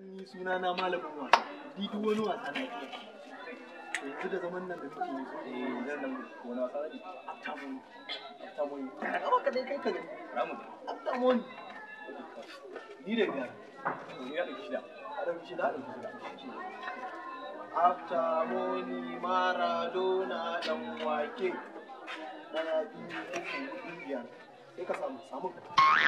ni suna na malamin wasa ni duk wani wasa na yanzu da zaman nan da kuke yi zan eh, nan wani wasa ne aftamoni aftamoni ka ka dai kai ka gani ni da ga ni ya dauki shida a shida a shida maradona wake dana biyu uku biyar sai ka samu samu ka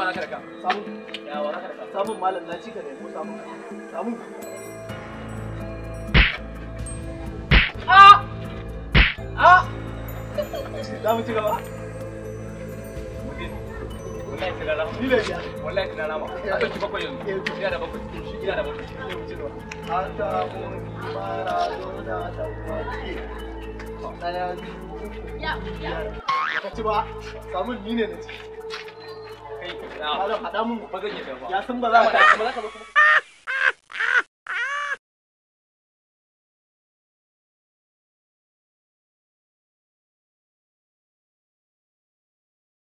ba za ka raka samu ya ba za ka samun malam na ne ko ah! Ah! za mu ci gaba wallahi rama ni wallahi rama bakwai yanzu da bakwai da bakwai ta mun mara da ya ya ka ci ba samun ni ne ci kai haɗa mun ba zan ba ya san ba za